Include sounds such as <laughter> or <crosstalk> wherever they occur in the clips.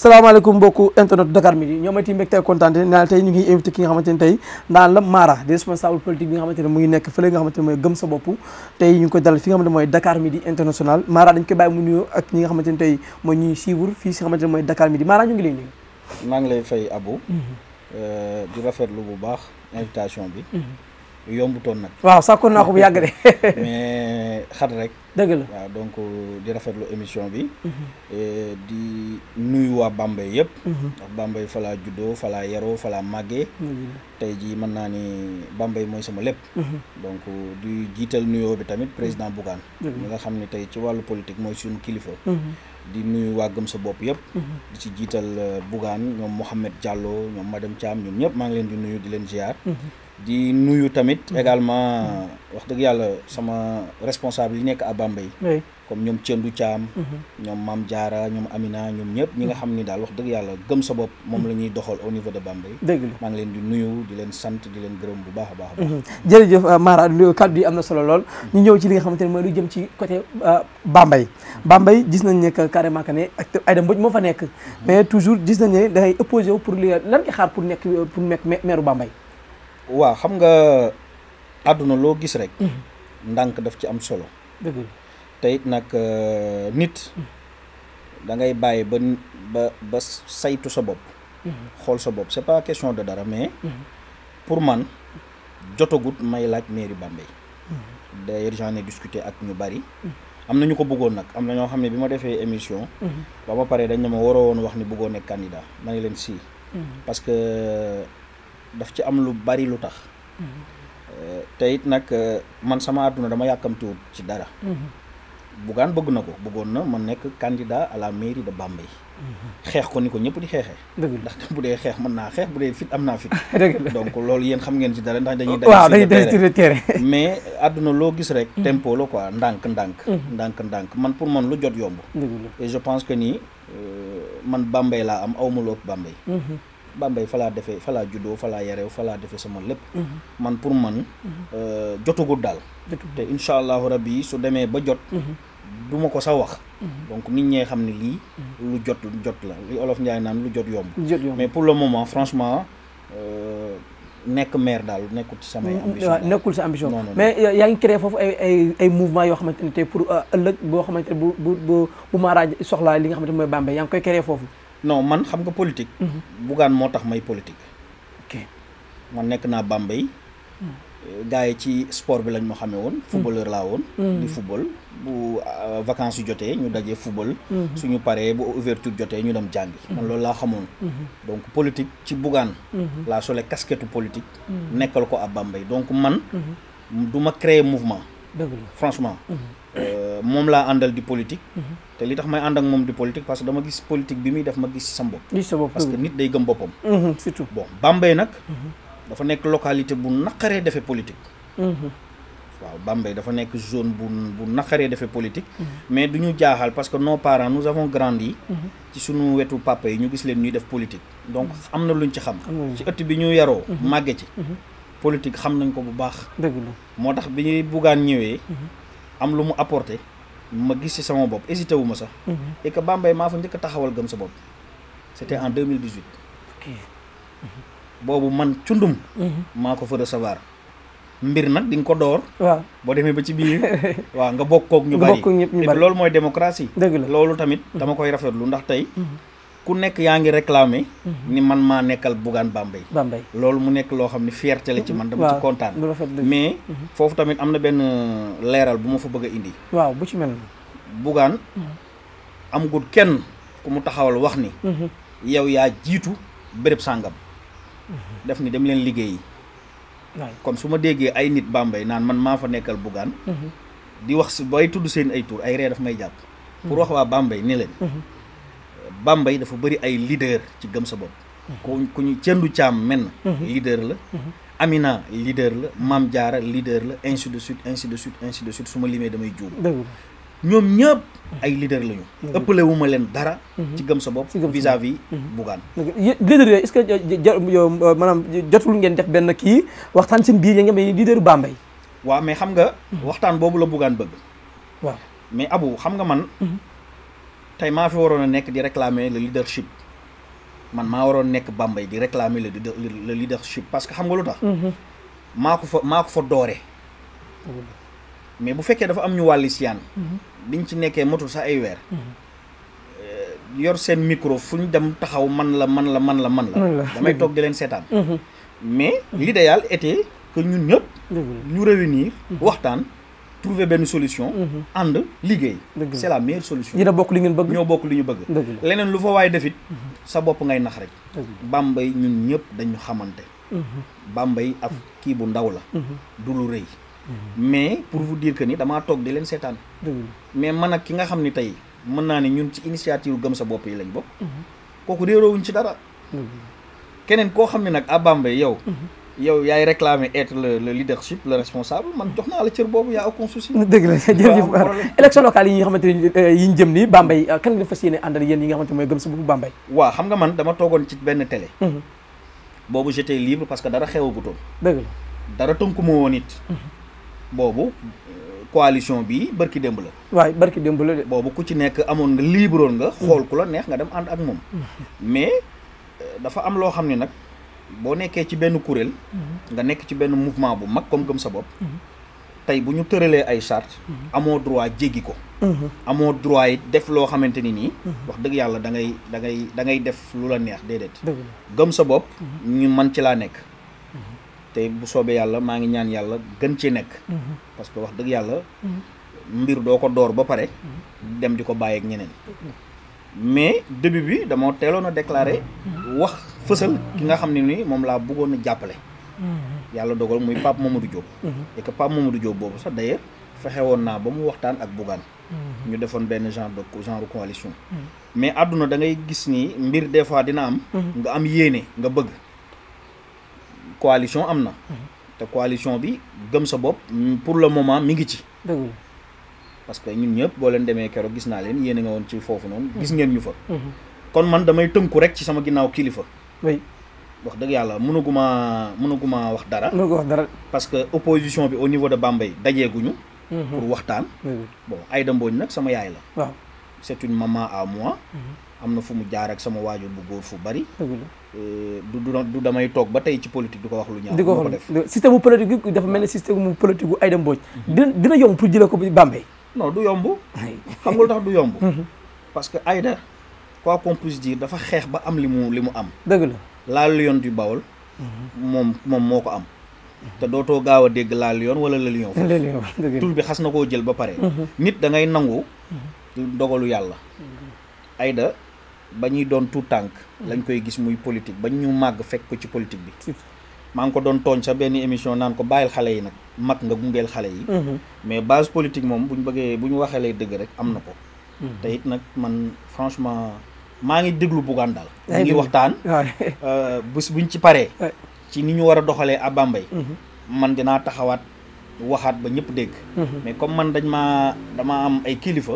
salaamaaleykum mbokku internet Dakar Midi ñoo amati mbégte kontaan naan tey ñu ngi invité ki ne tey naan la Mara di responsable politique bi nga xamante ne mu ngi nekk fële nga xamante ne mooy gëm sa bopp tey ñu ngi koy dalal fi nga xamante ne mooy Dakar Midi international Mara dañ koy bàyyi mu nuyoo ak ñi nga xamante ne tey mooy ñuy suivre fii si nga xamante ne mooy Dakar Midi Mara ñu ngi lay nuyu. maa ngi lay fay Abou. Mhm. Euh, di rafetlu bu baax invitation bi. Mhm. yombutoon nag. waaw sàkkoon naa ko bu yàgg de. <laughs> mais xat rek. dëgg la waaw donc di rafetlu émission bi. Mhm. di nuyu waa Bambey yëpp. Mhm. ndax Bambey fa laa juddoo fa laa yaroo fa tey jii mën naa ni Bambey mooy sama lépp. Mhm. donc di jiital nuyoo bi tamit président Bougane. nga xam ni tey ci wàllu politique mooy suñu kilifa. di nuyu waa sa bopp yëpp. di ci jiital euh, Bougane ñoom Mouhamed Diallo ñoom madame Thiam ñoom ñëpp maa ngi leen di nuyu di leen ziar. di nuyu tamit également wax dëgg yàlla sama responsable yi nekk à Bambey comme ñoom Thiendou Thiam mhm. ñoom maam Diarra ñoom Amina ñoom ñëpp ñi nga xam ni daal wax dëgg yàlla gëm sa bopp moom la ñuy doxal au niveau de Bambey dëgg la maa ngi leen di nuyu di leen sant di leen gërëm bu baax a baax mhm. jërëjëf euh, Mara kàddu yi am na solo lool mhm. ñu ñëw ci li nga xamante ne mooy lu jëm ci côté euh, Bambey Bambey gis nañ ne que carrément que ne Aïda Mbodj moo fa nekk mais toujours gis nañ ne dangay opposé pour li lan nga xaar pour nekk pour nekk maire Bambey waaw xam nga àdduna loo gis rek. Mm-hmm. ndànk daf ci am solo. dëgg nag euh, nit. Mm-hmm. da ngay bàyyi ba ba ba saytu sa bopp. Mm-hmm. xool sa bopp c'est pas question de dara mais. pour man jotagut may laaj mairie Bambey. d'ailleurs j'en ai ak ñu bari. am na ñu ko bëggoon nag am na ñoo xam ne bi ma defee émission. ba ma paree dañ ne waroo woon wax ni bëggoo nekk candidat ma leen sii. parce daf ci am lu bari lu tax mm-hmm. te it nag eh, man sama àdduna dama yàkkamtiwut ci dara mm-hmm. Bougane bëgg na ko bëggoon na ma nekk candidat à la mairie de Bambey mm-hmm. xeex ko ni ko ñëpp di xeexee ndax bu dee xeex mën naa xeex bu dee fit am naa fit <laughs> donc loolu yéen xam ngeen ci dara ndax dañuy dañuy mais àdduna loo gis rek tempo la quoi ndànk ndànk ndànk ndànk man pour man lu jot yomb et je pense que nii euh, man Bambey laa am awma lu ëpp Bambey fa falaa defee falaa laa falaa fa falaa yareew defee sama lépp. Mhm. man pour man. Mhm. Euh, jotagul daal. te incha allahu rabbi su demee ba jot. Mhm. du ma ko sa wax. donc nit ñee xam ne lii. lu jot jot la li olof Njaay naan lu jot yomb. mais pour le moment franchement. Euh, nekk maire daal nekkul ci samay ambition waaw nekkul sa ambition mais euh, yaa ngi créé foofu ay ay mouvement yoo xamante ne tey pour ëllëg boo xamante bu bu bu maaraaj soxlaa li nga xamante ne mooy Bambey yaa ngi koy créé foofu non man xam nga politique. Mhm. Bougane moo tax may politique. ok nekk naa Bambey. Mhm. Euh, gars yi ci sport bi lañ ma xame woon. Mhm. footballeur laa woon. di football bu euh, vacances yu jotee ñu dajee football. suñu paree bu ouverture jotee ñu dem jàngi. man loolu laa xamoon. donc politique ci Bougane. laa sole casquette politique. nekkal ko ab Bambey donc man. du ma créer mouvement. franchement. Euh, moom laa àndal di politique. te li tax may ànd moom di politique parce que dama gis politique bi muy def ma gis sa bopp. gis sa bopp parce que nit day gëm boppam. Mhm, surtout nag. Mhm. dafa nekk localité bu naqaree defee politique. Mhm. waaw Bambey dafa nekk zone bu bu naqaree defee politique. mais du ñu jaaxal parce que nos parents nous avons grandi. ci suñu wetu papa yi ñu gis leen ñuy def politique. donc am na luñ ci xam. ci ëtt bi ñu yaroo. màgge ci. politique xam nañ ko bu baax. moo tax bi am lu mu apporté ma gis ci sama bopp hésité wu ma sax. Mhm. et que Bambey maa fa njëkk a taxawal gëm sa bopp. c'était en 2018. Mhm. boobu man cundum. Mhm. maa ko fa recevoir. mbir nag di nga ko door. boo demee ba ci biir. <laughs> waaw nga bokk kook ñu bari loolu mooy démocratie. dëgg la loolu tamit dama koy rafetlu ndax tey. ku nekk yaa ngi réclamer mhm. ni man maa nekkal Bougane Bambey Bambey loolu mu nekk loo xam ne fierté la ci man dama ci kontaan mais mhm. foofu tamit am na benn euh, leeral bu ma fa bëgg a indi waaw bu ci mel Bougane mhm. amugul kenn ku mu taxawal wax ni yow yaa jiitu béréb sàngam def ni dem leen liggéey kon su ma déggee ay nit Bambey naan man maa fa nekkal Bougane di wax si bay tudd seen ay tur ay ree daf may jàpp pour wax waa Bambey ni leen Bambey dafa bëri ay leader ci gëm sa bopp ku ñu cëndu caam menn mhm. leader la mhm. Amina leader la Mame Diarra leader la ainsi de suite ainsi de suite ainsi de suite su ma limee damay juum ñoom ñëpp ay leader lañu ëppale wu ma leen dara mhm. ci gëm sa bopp vis-à-vis Bougane leader yooyu est-ce que yow euh, maanaam jotul ngeen def benn kii waxtaan seen biir ya nga may leader Bambey waaw mais xam nga waxtaan boobu la Bougane bëgg waaw mais Abou xam nga man tey maa fi waroon a nekk di réclamer le leadership man maa waroon nekk Bambey di réclamer le le leadership parce que xam nga lu tax. Mhm. maa ko fa maa ko fa doore. mais bu fekkee dafa am ñu wàlli siyaan mhm. biñ ci nekkee motul sax ay weer. Mhm. Euh, yor seen micro fu ñu dem taxaw man la man la man la man la. damay toog di leen seetaan. mais l'idéal était que ñun ñëpp. ñu réunir waxtaan. trouver benn solution. Mhm. ànd liggéey. c'est la meilleure solution. yéen a bokk li ngeen bëgg. ñoo bokk li ñu bëgg. leneen lu fa waay defit mhm. sa bopp ngay nax rek. Bambey ñun ñëpp dañu xamante. Mhm. Bambey af kii bu ndaw la. du lu rëy. mais pour vous dire que ni damaa toog di leen seetaan. mais man ak ki nga xam ni tey mën naa ne ñun ci initiative gëm sa bopp yi lañ bokk. kooku réeroowuñ ci dara. keneen koo xam ne nag à Bambey yow. yow yaay réclamer être le le leadership le responsable man jox naa la cër boobu yaa aucun souci. <laughs> dëgg la <laughs> jërëjëf élection locale yi nga xamante ne euh, yi ñu jëm nii Bambey euh, kan la fas yéene àndal yéen yi nga xamante mooy gëm sa bopp Bambey. waaw xam nga man dama toogoon mhm. boobu mhm. euh, coalition bi bërki démb la. waay bërki démb la de. boobu ku ci nekk amoon nga libroon nga. Mhm. xool ku la neex nga dem ànd ak moom. mais dafa am loo xam ne nag. boo nekkee ci benn kuréel. Mhm. nga nekk ci benn mouvement bu mag comme gëm sa bopp. Mhm. tey bu ñu tëralee ay charte mhm. amoo droit jéggi ko. amoo droit yi def loo xamante ni nii. wax dëgg yàlla da ngay dangay da ngay def lu la neex déedéet. gëm sa bopp. ñu man ci laa nekk. te bu soobee yàlla maa ngi ñaan yàlla gën ci nekk. parce que wax dëgg yàlla. mbir doo ko door ba pare. dem di ko bàyyeeg ñeneen. mais début bi dama teeloon a déclaré. wax fësal ki nga xam ne ni moom laa bëggoon a jàppale. Mm-hmm. yàlla dogal muy Pape Mamadou Diop. Mm-hmm. et que Pape Mamadou Diop boobu sax d'ailleurs fexe woon naa ba mu waxtaan ak Bougane. Mm-hmm. ñu defoon benn genre do genre coalition. mais àdduna da gis ni mbir des fois dina am. nga am yéene nga bëgg. coalition am na. te coalition bi gëm sa bopp pour le moment mi ngi ci. parce que ñun ñëpp boo leen demee keroog gis naa leen yéen a nga woon ci foofu noonu mm-hmm. gis ngeen ñu fa mm-hmm. kon man damay tënku rek ci sama ginnaaw kilifa wax dëgg yàlla mënuguma mënuguma wax dara mënuguma wax dara parce que opposition bi au niveau de Bambey dajeeguñu mm-hmm. pour waxtaan ay Aïda Mbodj nag sama yaay la waaw c'est une maman à am na fu mu jaar ak sama waajur bu góor fu bari euh, du du damay toog ba tey ci politique di ko wax lu ñaaw di ko wax lu def système bu dafa mel ne système non du yomb xam nga tax du yomb parce que Aïda quoi qu'on dafa xeex ba am li mu li mu am dëgg la la lion du Baol moom moom moo ko am te dootoo gaaw a dégg la lion wala le lion tur bi xas na koo jël ba pare nit da ngay nangu dogalu yàlla ayda ba ñuy doon tout tànk lañ koy gis muy politique ba ñu màgg fekk ko ci politique bi maa ngi ko doon tooñ sa benn émission naan ko bàyyil xale yi nag mag nga gungeel xale yi mhm. mais base politique moom bu ñu bëggee bu ñu waxee lay dëgg rek am na ko mhm. te it nag man franchement maa ngi déglu buggaan daal ñu ngi waxtaan <laughs> euh, bés buñ ci paree ci ni ñu war a doxalee à mhm. man dinaa taxawaat waxaat ba ñëpp dégg mais comme man dañ maa dama am ay kilifa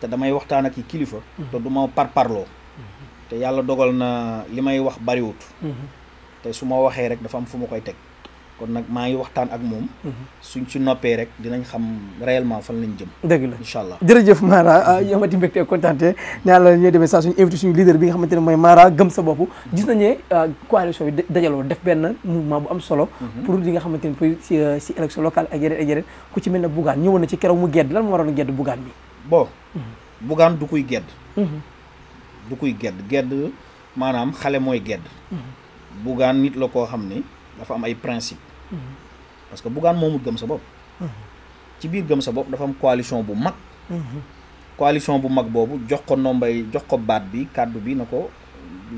te damay waxtaan ak i kilifa te du ma parparloo te yàlla dogal na li may wax bariwut te su ma waxee rek dafa am fu ma koy teg kon nag maa ngi waxtaan ak moom. Mhm. suñ ci noppee rek dinañ xam réellement fan lañ jëm. dëgg la incha allah jërëjëf Mara ñu ah, amati mbégte kontaante nee la ñuy demee saa suñu invité suñu bi nga xamante ne mooy Mara gëm sa bopp. gis nañu ne ah, coalition bi dajaloo def benn bu am solo. Mhm. pour li nga xamante ne pour si si euh, élection locale ak yeneen ak ku ci mel ne Bougane ñëwoon na ci keroog mu gedd lan moo waroon gedd Bougane bi. bon mhm. Bougane du kuy gedd. du kuy gedd gedd maanaam xale mooy gedd. Bougane nit la koo xam ne dafa am ay principe mm-hmm. parce que moom moomut gëm sa bopp mm-hmm. ci biir gëm sa bopp dafa am coalition bu mag mm-hmm. coalition bu mag boobu jox ko nombay jox ko baat bi kàddu bi na ko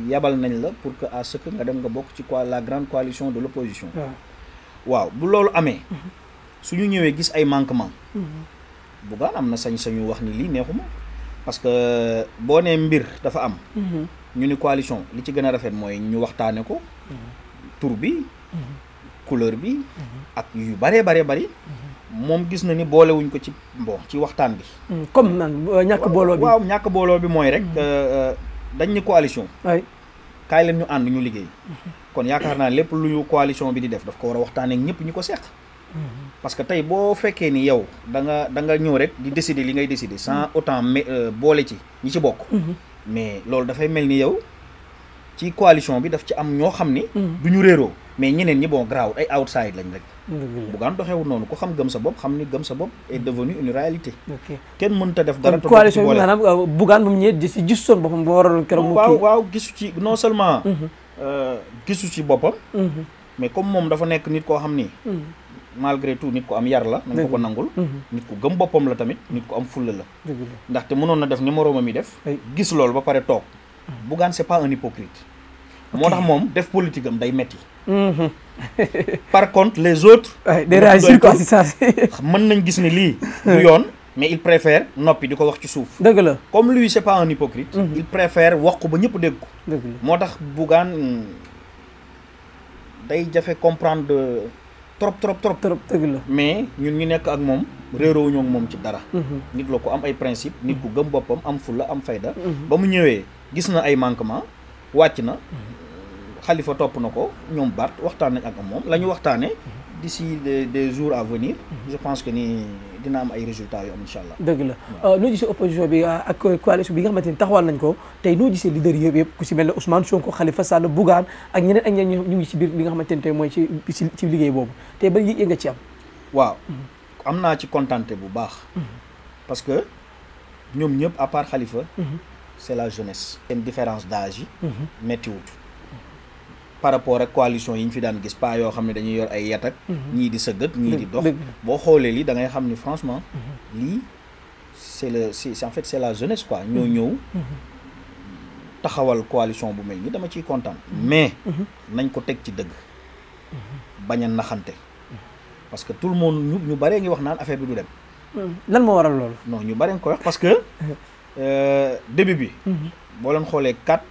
yabal nañ la pour que à ce que nga dem nga bokk ci quoi la grande coalition de l'opposition waaw bu loolu amee su ñu ñëwee gis ay manquement Bougane am na sañ-sañu wax ni lii neexuma parce que boo nee mbir dafa am ñu ni coalition li ci gën a rafet mooy ñu waxtaane ko tur bi couleur bi ak yu bare bare bari moom gis na ni boolewuñ ko ci bon ci waxtaan bi comme nan euh, ñàkk booloo bi waaw ñàkk booloo bi mooy rek mm-hmm. euh, euh, dañ ni coalition kaay leen ñu ànd ñu liggéey mm-hmm. kon yaakaar naa lépp lu ñu coalition bi di def daf ko war a waxtaanee ak ñëpp ñu ko seq mm-hmm. parce que tey boo fekkee ni yow da nga da nga ñëw rek di décider li ngay décider sans autant boole ci ñi ci bokk mais loolu dafay mel ni yow ci coalition bi daf ci am ñoo xam ni. Hmm. du ñu réeroo mais ñeneen ñi bon garaawut ay outside lañ rek. bu gaan noonu ku xam gëm sa bopp xam ni gëm sa bopp est devenu une réalité. kenn mënut a def dara. te coalition bi maanaam euh, bugaan bu mu ñëwee si gis son boppam boo waroon keroog. mu waaw waaw gisu ci non seulement. Mm-hmm. Euh, gisu ci boppam. Mm-hmm. mais comme moom dafa nekk nit koo xam ni. Mm-hmm. malgré tout nit ko am yar la nañ ko ko nangul mhm. nit ku gëm boppam la tamit nit ko am fulla la ndaxte mënoon na def ni moroomam yi def gis loolu ba pare toog mhm. Bougane c'est pas un hypocrite moo tax moom def politique am day metti mhm. <laughs> par contre les autres <laughs> des réagir <laughs> mën nañ gis ne lii du yoon mais il préfère noppi di ko wax ci suuf dëgg la comme lui c'est pas un hypocrite il préfère wax ko ba ñëpp dégg ko moo tax Bougane day jafe comprendre trop trop trop trop dëgg la mais ñun ñu nekk ak moom réeroowuñu ñoo moom ci dara mhm. nit la ko am ay principe nit ku gëm boppam am fulla am fayda mhm. ba mu ñëwee gis na ay manquement wàcc na xalifa topp na ko ñoom Bart waxtaan nañ ak moom la ñu waxtaane d'ici des jours à venir mhm. je pense que nii dina am ay résultats yu am incha allah. dëgg la euh, noo gisee opposition bi euh, ak coalition bi nga xamante ni taxawal nañ ko tey noo gisee leader yëpp yëpp ku si mel ne Ousmane Sonko Khalifa Sall Bougane ak ñeneen ak ñeneen ñu ngi ci biir li nga xamante ni tey mooy ci liggéey boobu tey ba yëg nga ci am. waaw mm-hmm. am naa ci contenté bu baax. Mm-hmm. parce que ñoom ñëpp à part Khalifa. Mm-hmm. c'est la jeunesse. seen différence d'âge yi. méttiwut. par rapport ak coalition yi ñu fi daan gis pas yoo xam ne dañuy yor ay yat ak mhm. ñii di sëggat ñii di dox boo xoolee lii da ngay xam ni franchement mhm. lii c'est le c'est en fait c'est la jeunesse quoi ñoo mhm. ñëw taxawal coalition bu mel ni dama ciy kontaan mais nañ ko teg ci dëgg bañ a naxante parce que tout le monde ñu ñu bëree ngi wax naan affaire bi du dem nan moo waral loolu noo ñu bëree ngi ko wax parce que <laughs> euh, début bi boo leen xoolee quatre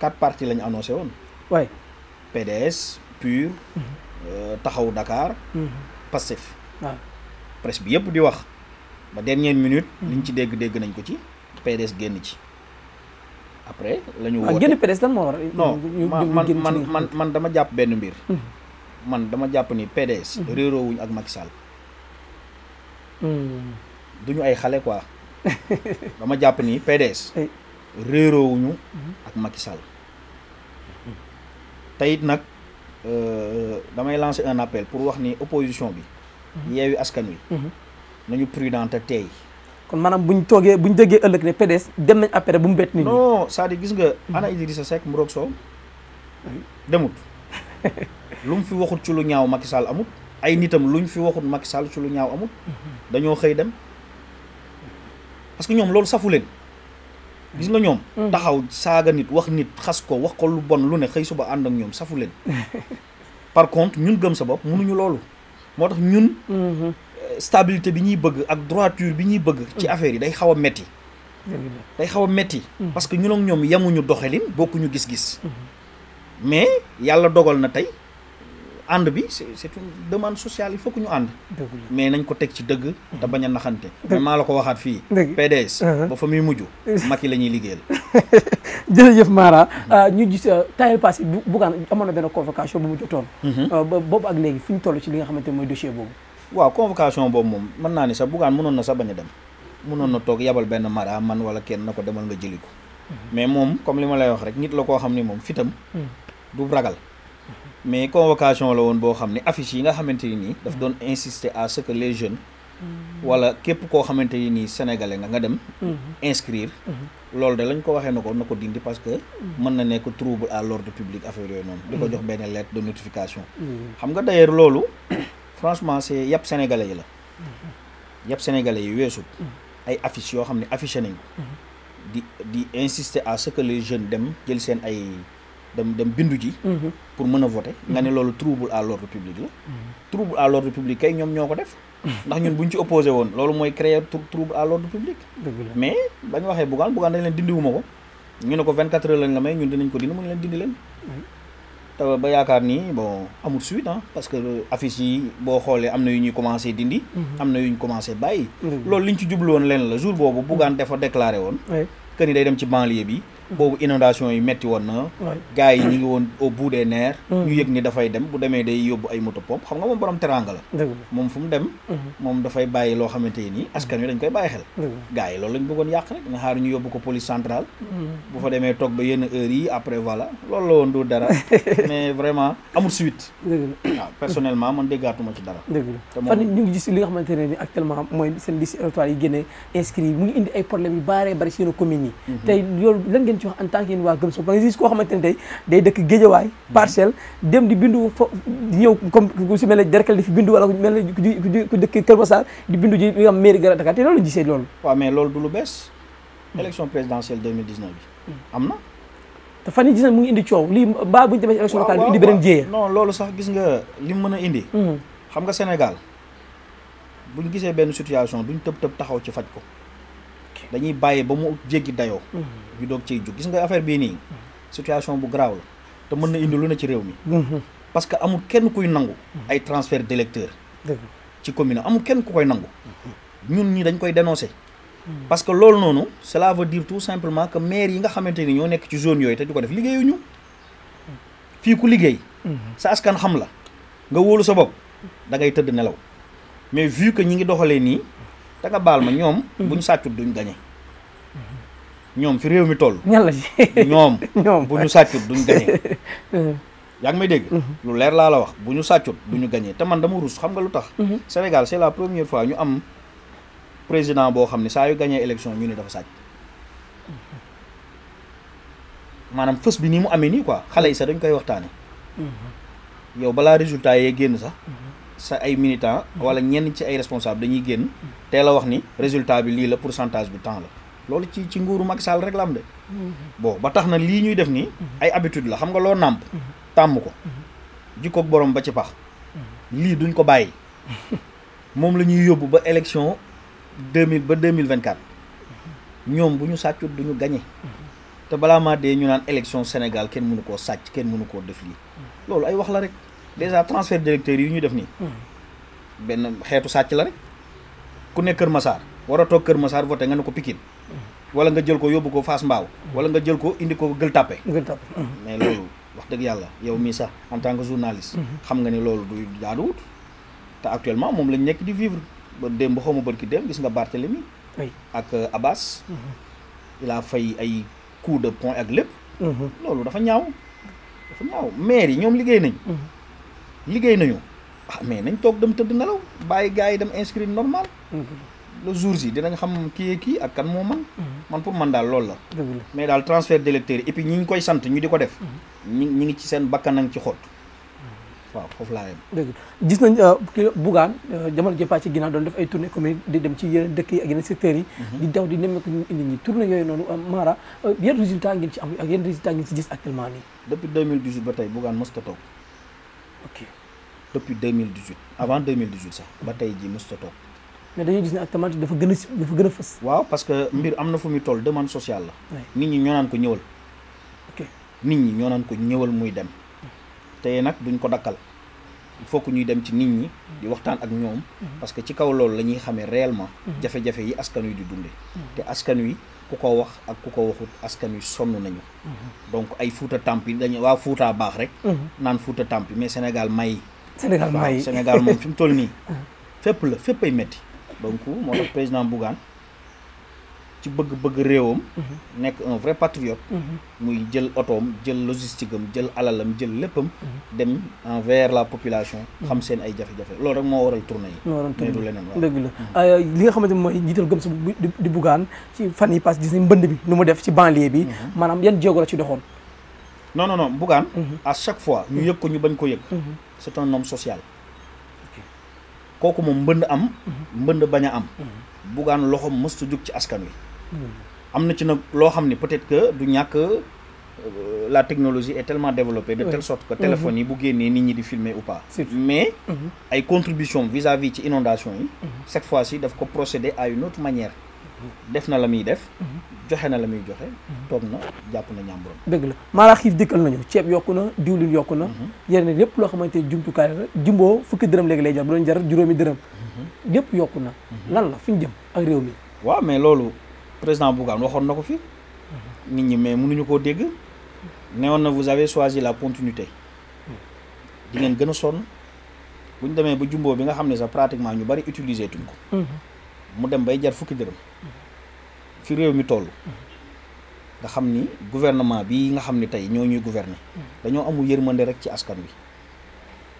quatre parties lañu annoncé woon waay PDS PUR mhm. euh, taxaw Dakar mhm. Pastef waaw presse bi yëpp di wax ba dernière minute mhm. liñ ci dégg dégg nañ ko ci PDS génn ci après lañu ñu ah, woote génn PDS lan moo war non man man man dama jàpp benn mbir man dama jàpp ni PDS réeroowuñ ak Macky Sall hmm. duñu ay xale quoi <laughs> dama jàpp ni PDS réeroowuñu ak Macky teyit nag euh, damay lancer un appel pour wax ni opposition bi mhm. yeewi askan wi mhm. nañu prudent te teey kon maanaam ñu toogee bu ñu déggee ëllëg ne PDS dem nañ après bu mu bett nit noo non cest gis nga mhm. ana Idrissa Seck Mburok Sow demut <laughs> lu mu fi waxut ci lu ñaaw Macky Sall amut ay nitam lu ñu fi waxut Macky Sall ci lu ñaaw amut dañoo xëy dem parce que ñoom loolu safu leen gis nga ñoom. Mm. taxaw saaga nit wax nit xas ko wax ko lu bon lu ne xëy suba ànd ak ñoom safu leen. <laughs> par contre ñun gëm sa bopp mënuñu loolu. moo tax ñun. Mm-hmm. Euh, stabilité bi ñuy bëgg ak droiture bi ñuy bëgg. ci mm. affaire yi day xaw a metti. day xaw a metti. Mm. parce que ñun ak ñoom yemuñu doxalin bokkuñu gis-gis. Mm-hmm. mais yàlla dogal na tey. ànd bi c' est une demande sociale il faut ñu ànd mais nañ ko teg ci dëgg te bañ a naxante mais maa la ko waxaat fii PDS uh-huh. ba fa muy mujj <laughs> Macky la ñuy liggéeyal <laughs> jërëjëf Mara uh, ñu gis uh, temps passé bu buggaan amoon na benn convocation bu mu jotoon mm-hmm. uh, boobu ak léegi fi ñu toll ci li nga xamante mooy dossier boobu waaw convocation boobu moom mën naa ni sax buggaan mënoon na sax bañ a dem mënoon na toog yabal benn Mara man wala kenn na ko demal nga jëli ko mm-hmm. mais moom comme li ma lay wax rek nit la koo xam ni moom fitam mm. ragal mais convocation la woon boo xam ne affiche yi nga xamante ni nii daf doon insister à ce que les jeunes wala képp koo xamante ni nii sénégalais nga nga dem inscrire loolu de lañ ko waxee na ko na ko dindi parce que mën na nekk trouble à l'ordre public affaire yooyu noonu di ko jox benn lettre de notification xam nga d'ailleurs loolu <coughs> franchement c'est yàpp sénégalais yi la yàpp sénégalais yi weesul ay affiche yoo xam ne affiché nañ di di insister à ce que les jeunes dem jël seen ay dem dem bindu ji. Mhm. pour mën a voter. nga ne loolu trouble à l'ordre public la. Mhm. trouble à l'ordre public kay ñoom ñoo ko def. ndax ñun bu ñu ci opposé woon loolu mooy créer trouble à l'ordre public. mais ba ñu waxee Bougane Bougane dañ leen dindiwuma ko. ñu ne ko 24 heures lañ la may ñun dinañ ko dindi mu leen dindi leen. te ba yaakaar ni bon amul suite ah parce que affiche yi boo xoolee am na yu ñuy commencé dindi. Mhm. am na yu ñu commencé bàyyi. loolu li ñu ci jublu woon leen la jour boobu Bougane dafa déclaré woon. que ni day dem ci banlieue bi. boobu inondation yi metti woon na gars yi ñu ngi woon au bout des nerfs mm. ñu yëg ni dafay dem bu demee day yóbbu ay moto pompe xam nga moom borom teranga la moom fu mu dem mm-hmm. moom dafay bàyyi loo xamante yi nii loolu lañ bëggoon yàq rek nga xaar ñu yóbbu ko police centrale mm-hmm. bu fa demee toog ba yenn heures yi après voilà loolu la woon du dara <laughs> mais vraiment amul suite waaw personnellement man déggaatuma ci dara fan ñu ngi gis li nga xamante ne actuellement mooy ngeen ci wax en tant que yéen waa gëm sa bopp da nga gis koo xamante ne tey day dëkk géejawaay parcelle dem di bindu fa ñëw comme ku si mel ne Derkel di fi bindu wala ku mel na ku dëkk Kër Massar di bindu ji am mairie Grand Dakar te loolu gisee loolu waaw mais loolu du lu bees hmm. élection présidentielle 2019 bi hmm. am na dafa fan yi gis mu ngi indi coow lii mbaa bu ñu demee ci élection locale bi indi beneen jéeya non loolu sax gis nga li mu mën a indi hmm. xam nga Sénégal buñ gisee benn situation duñ tëb tëb taxaw ci faj ko dañuy bàyyi ba mu jéggi dayoo. Mm-hmm. ñu doog ciy jug gis nga affaire bii nii. Mm-hmm. situation bu garaaw la te mën na indi lu ne ci réew mi. Mm-hmm. parce que amul kenn kuy nangu. ay transfert directeur ci commune amul kenn ku koy nangu. ñun ñi dañ koy dénoncer. parce que loolu noonu cela veut dire tout simplement que maire yi nga xamante ni ñoo nekk ci zone yooyu te di ko def liggéeyuñu. fii ku liggéey. sa askan xam la nga wóolu sa bopp da ngay tëdd nelaw mais vu que ñi ngi doxalee nii. te nga baal ma ñoom. Mm-hmm. bu ñu sàccut duñ gañe. ñoom fi réew mi toll. ñalla ci ñoom. <laughs> ñoom bu ñu sàccut duñ gañe. <laughs> yaa ngi may dégg. Mm-hmm. lu leer laa la wax bu ñu sàccut du ñu gañe te man dama rus xam nga lu tax. Mm-hmm. Sénégal c'est la première fois ñu am président boo xam ne saa yu gañee élection ñu ne dafa sàcc. maanaam fës bi nii mu amee nii quoi xale yi sax dañ koy waxtaane yow balaa résultat yee génn sax. sa ay militants wala ñenn ci ay responsable dañuy génn teel la wax ni résultat bi lii la pour centage bi temps la loolu ci ci nguuru Macky Sall rek la am de bon ba tax na lii ñuy def nii ay habitude la xam nga loo nàmp tàmm ko jikkoog borom ba ci pax lii duñ ko bàyyi moom la ñuy yóbbu ba élection deux mille ba deux mille vingt quatre ñoom bu ñu sàccut duñu gañe te balaa maa dee ñu naan élection Sénégal kenn mënu koo sàcc kenn mënu koo def lii loolu ay wax la rek déjà transfert directeur yi ñu def nii. Hmm. benn xeetu sàcc la rek ku nekk Kër Massar war a toog Kër masaar voté nga ne ko Pikine hmm. wala nga jël ko yóbbu ko fas Mbaaw hmm. wala nga jël ko indi ko Gueule Tapée Gueule Tapée mais loolu wax dëgg yàlla yow mii sax en tant que journaliste xam nga ne loolu du jaaduwut te actuellement moom lañ nekk di vivre ba démb xaw ma bërki démb gis nga Barthélemy ak euh, Abbas il a fay ay coup de point ak lépp loolu dafa ñaaw dafa ñaaw maire yi ñoom liggéey liggéey nañu ah mais nañ toog dem tëdd nelaw bàyyi gars yi dem inscrire normal mhm. le jour ji dinañ xam kii kii ak kan moo man mhm. man pour man daal lool la mais daal transfert d'électeurs et puis ñi ngi koy sant ñu di ko def mhm. ñi ñi ngi ci seen bakkanang ci xott waaw foofu laa yem dëgg gis nañ euh, ki Bougane euh, jamono jëppaa ci ginnaaw doon def ay tournée ci yeneen dëkk yi ak yeneen secteurs yi di daw di nemmeeku indi ñi tournée yooyu noonu euh, Mara yan résultat ngeen ci am ak yan résultat ngeen ci gis actuellement nii ba tey Bougane mës ta toog ok depuis 2018 avant 2018 sax ba tey ji mosut a toog. mais dañuy gis ne ak tamit dafa gën dafa gën a fës. waaw parce que mbir am na fu muy toll demande sociale la. nit ñi ñoo naan ko ñëwal. nit ñi ñoo naan ko ñëwal muy dem. tey nag duñ ko dakkal il ñuy dem ci nit ñi di waxtaan ak ñoom. parce que ci kaw loolu la ñuy xamee réellement. jafe-jafe yi askan wi di dundee. te askan wi ku ko wax ak ku ko waxut askan wi sonn nañu. Mhm. donc ay Fouta Tampi dañu waa Fouta baax rek. Mhm. naan Fouta Tampi mais Sénégal may. Sénégal may Sénégal moom fi mu toll nii. <laughs> Ah. fépp la fépp ay metti donc moo tax président Bougane ci bëgg-bëgg réewam. Mhm. nekk un vrai patriote. Mhm. muy jël otoom jël logistique am jël alalam jël léppam. Mhm. dem envers la population. xam seen ay jafe-jafe loolu rek moo waral tournée yi. moo waral tournée du leneen waaw dëgg la mm. ah, li nga mooy jiital gëm sa di Bougane ci fan yi pass gis ni mbënd bi nu mu def ci banlieue bi. Mm-hmm. maanaam yan jéego la ci doxoon. non non non mhm. à chaque fois ñu yëg ko ñu bañ ko yëg. Mhm. c'est un homme social. kooku moom mbënd am. Mhm. mbënd bañ a am. Bougane loxo mësta jug ci askan wi. am na ci nag loo xam ne peut-être que du ñàkk euh, la technologie est tellement développée de telle sorte que téléphone yi bu génnee nit ñi di filmer ou pas mais ay contribution vis-à-vis ci inondation yi cette fois si daf ko procéder à une autre manière def na la muy def. Mhm. joxe na la muy joxe. Mhm. toog na jàpp na ñàmburam. dégg la maanaam xiif dikkal nañu ceeb yokku na diwlin yokku na. Mhm. yeneen yëpp loo xamante ni jumtukaay la jumboo fukki dërëm léegi lay jar bu doon juróomi dërëm. lépp yokku na. lan la fi ñu jëm ak réew mi. mais loolu président Bougane waxoon na ko fi. nit ñi mais mënuñu koo dégg. newoon na vous avez choisi la continuité. di ngeen gën a sonn bu demee ba jumboo bi nga xam ne sax pratiquement ñu bari utiliser tuñ ko. mu dem bay jar fukki dërëm. ci réew mi toll nga xam ni gouvernement bi nga xam ni tey ñoo ñuy gouverner dañoo amul yërmande rek ci askan wi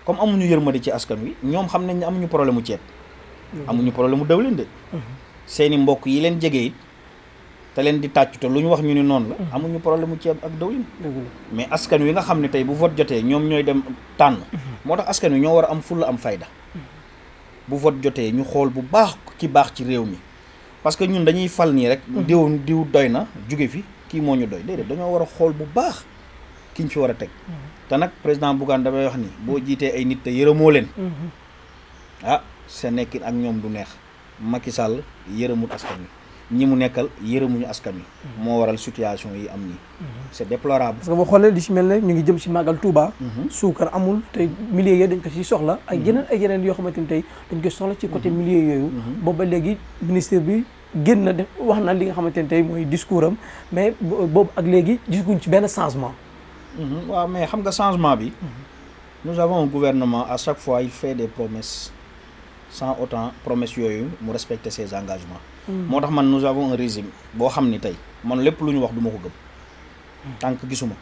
comme amuñu yërmande ci askan wi ñoom xam nañ ne problème mu ceeb amuñu problème mu dawlin de seeni mbokk yi leen jege te leen di tàccu lu ñu wax ñu ni noonu la amuñu problème mu ceeb ak dawlin mais askan wi nga xam ne tey bu vote jotee ñoom ñooy dem tànn moo tax askan wi ñoo war a am fulla am fayda bu vote jotee ñu xool bu baax ci baax ci réew mi parce que ñun dañuy fal nii rek. Mm-hmm. diw diw doy na jóge fi kii moo ñu doy déedéet dañoo war a xool bu baax ki ñu fi war a teg. Mm-hmm. te nag président Bougane damay wax ni boo jiitee ay nit te yërëmoo leen. Mm-hmm. ah sa nekki ak ñoom du neex Macky Sall yërëmul askan wi ñi mu nekkal yërëmuñu askan wi. moo waral situation yi am nii. c'est déplorable. parce que boo xoolee di ci mel ne ñu ngi jëm si màggal Touba. suukar amul te milliers yooyu dañ ko ci soxla. ak yeneen ay yeneen yoo xamante ni tey dañ koy ci côté milliers yooyu. booba léegi ministère bi. génn def wax na li nga xamante ne tey mooy discours am mais boobu ak léegi gisuñ ci benn changement. Mhm. waaw mais xam nga changement bi. Mhm. nous avons un gouvernement à chaque fois il fait des promesses sans autant promesses yooyu mu respecter ses engagements. Mhm. moo tax man nous avons un régime boo xam ni tey man lépp lu ñu wax du ma ko gëm. tant que gisuma.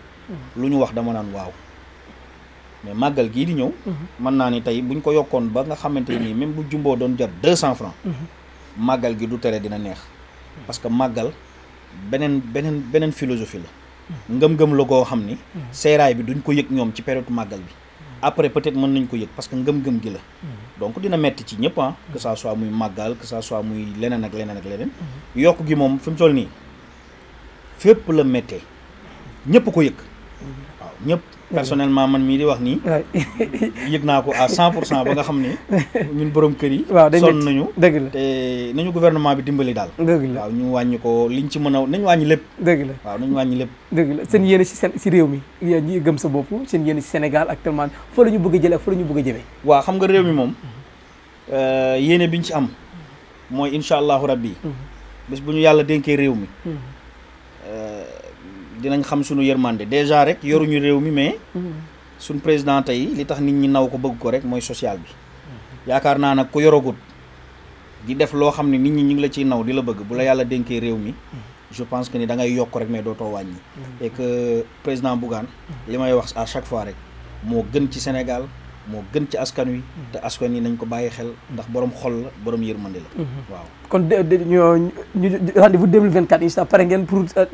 lu ñu wax dama naan waaw. mais màggal gii di ñëw. mën naa ni tey buñ ko yokkoon ba nga xamante nii même bu jumboo doon jar deux cent francs. màggal gi du tere dina neex parce que màggal beneen beneen beneen philosophie la ngëm-ngëm la goo xam ni seeraay bi duñ ko yëg ñoom ci période màggal bi après peut-être mën nañ ko yëg parce que ngëm-ngëm gi la donc dina metti ci ñëpp ah saa ça muy màggal que ça soi muy leneen ak leneen ak leneen yokk gi moom fi mu nii fépp la méttee ñëpp ko yëg waaw ñëpp personnellement man mii di wax nii. <laughs> yëg naa ko à 100 pour cent ba nga xam ne <laughs> ñun boroom kër yi. waaw day sonn nañu dëgg la te gouvernement bi dimbali daal. dëgg waaw ñu wàññi ko ñu ci mën a nañu wàññi lépp. dëgg la waaw nañu wàññi lépp. dëgg la seen yéene si seen si réew mi yéen gëm sa bopp seen yéene si Sénégal actuellement fa foo ñu bëgg a jëlee ak fa la ñu bëgg a jëmee. waaw xam nga réew mi moom mhm. euh, yéene biñ ci am mooy incha allahu rabbi mhm. bés bu ñu yàlla dénkee réew mi mhm. dinañ xam sunu yërmande déjà rek yoruñu réew mi mais. suñ président tey li tax nit ñi naw ko bëgg ko rek mooy social bi. yaakaar naa nag ku yoragut di def loo xam ne nit ñi ñu ngi la ciy naw di la bëgg bu la yàlla dénkee réew mi. je pense que ni da ngay yokk rek mais dootoo wàññi. et que président Bougane. li may wax à chaque fois rek moo gën ci Sénégal. moo gën ci askan wi. te askan yi nañ ko bàyyi xel ndax borom xol la borom yërmande la. Mhm. waaw kon de de ñu rendez-vous 2024 incha pare ngeen pour. Euh,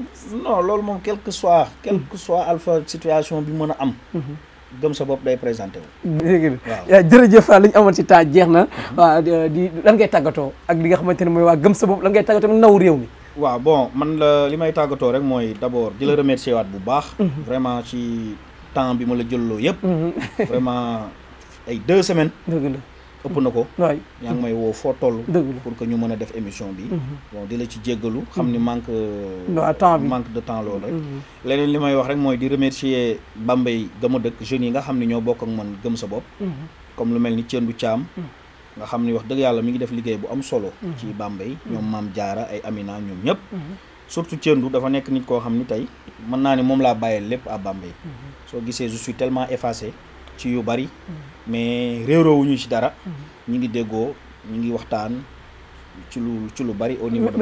non loolu moom quel que soit. quel mhm. alpha situation bi mën a am. Mhm. gëm sa bopp day présenté wu. dégg nga jërëjëf li ñu amoon ci temps jeex na. waaw di lan ngay tàggatoo ak li nga xamante ne mooy waa gëm sa bopp lan ngay tàggatoo naw réew mi. waaw bon man la li may tàggatoo rek mooy d'abord di la remercier waat bu baax. vraiment ci temps bi ma la jëlloo yëpp. <laughs> vraiment. ay deux semaines. dëgg la ëpp na ko. waay yaa ngi may woo foo toll. pour que ñu mën a def émission bi. Mhm. bon di la ci jéggalu xam ni mhm. manque. Euh, non temps manque de temps loolu rek. Mhm. leneen li may wax rek mooy di remercier Bambey gama dëkk jeunes yi nga xam ne ñoo bokk ak man gëm sa bopp. comme lu mel ni Thiendou Thiam. nga xam ni wax dëgg yàlla mi ngi def liggéey bu am solo. ci Bambey ñoom maam jaara ay Amina ñoom ñëpp. surtout Thiendou dafa nekk nit koo xam ni tey mën naa ne moom laa bàyyee lépp à Bambey. soo gisee je ci yu bari mais ñu ci dara ñu ngi déggoo ñu ngi waxtaan ci lu ci lu bari au niveau de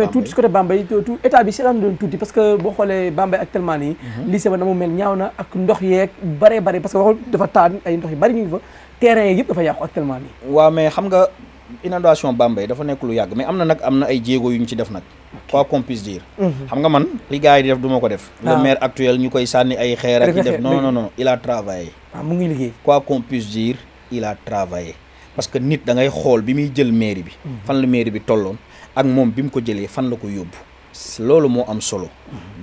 Bambey mais tuuti que boo xoolee Bambey actuellement nii mhm. lycée ba na mu mel ñaaw na ak ndox yeeg bare bare parce que dafa taan ay ndox yu bari ñu ngi fa terrain yi yëpp dafa yàqu actuellement nii waaw mais xam nga inondation Bambey dafa nekk lu yàgg mais am na nag am na ay jéego yu ñu ci def nag quoi qu'on puisse mhm. xam nga man li di def du ma ko def le ah. maire actuel ñu koy sànni waaw ah, mu ngi liggéey. quoi qu'on puisse dire il a travaillé parce que nit da ngay xool bi muy jël mairie bi. Mhm. fan la mairie bi tolloon ak moom bi mu ko jëlee fan la ko yóbbu. loolu moo am solo.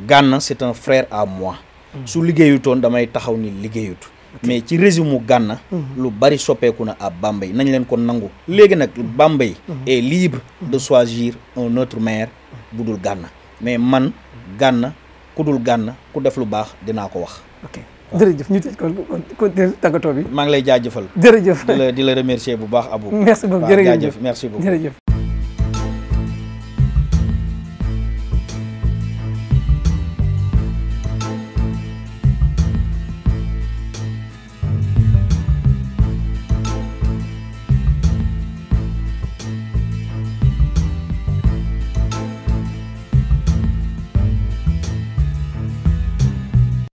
Gana c'est un frair à moi. Mhm. su liggéeyutoon damay taxaw ni liggéeyut. mais ci résumé mu gànna mhm. lu bari soppeeku na à Bambey nañ leen ko nangu. léegi nag Bambey. est libre de choisir un autre maire bu dul Gana mais man Gana ku dul Gana ku def lu baax dinaa ko wax. jërëjëf ñu tëj kon kon tàggatoo bi. maa ngi lay jaajëfal. jërëjëf di la di la remercier bu baax Abou. merci beaucoup jërëjëf merci beaucoup jërëjëf.